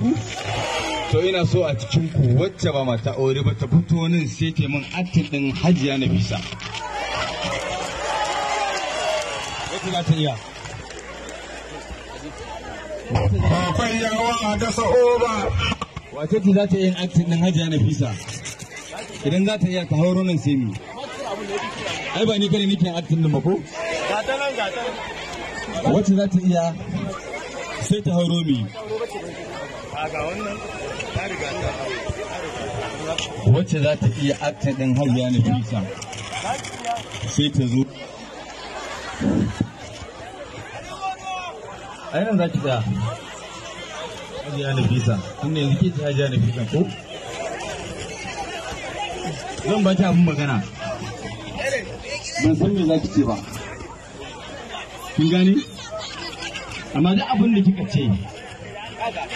ku to ina so a cikin ku wacce ba mata aure ba ta fito nan sai ta min atin din hajiya na bisa wacce za ta iya akwai yawa a dasa oba wace ce za ta yin atin din hajiya na bisa idan za ta iya ta hauro nan sai ni ai ba ni kane nake atin din ba ko ga ta nan ga ta wacce za ta iya sai ta hauro mi wacce za ta iya akta ɗin hajiya na fisa sai ta zo a yanar za ki da hajiya na bisa inda yanzu ke ci hajiya na bisa ko zan ba ki abin magana ban san me za ki ce ba kin gani amma da abin da kika ce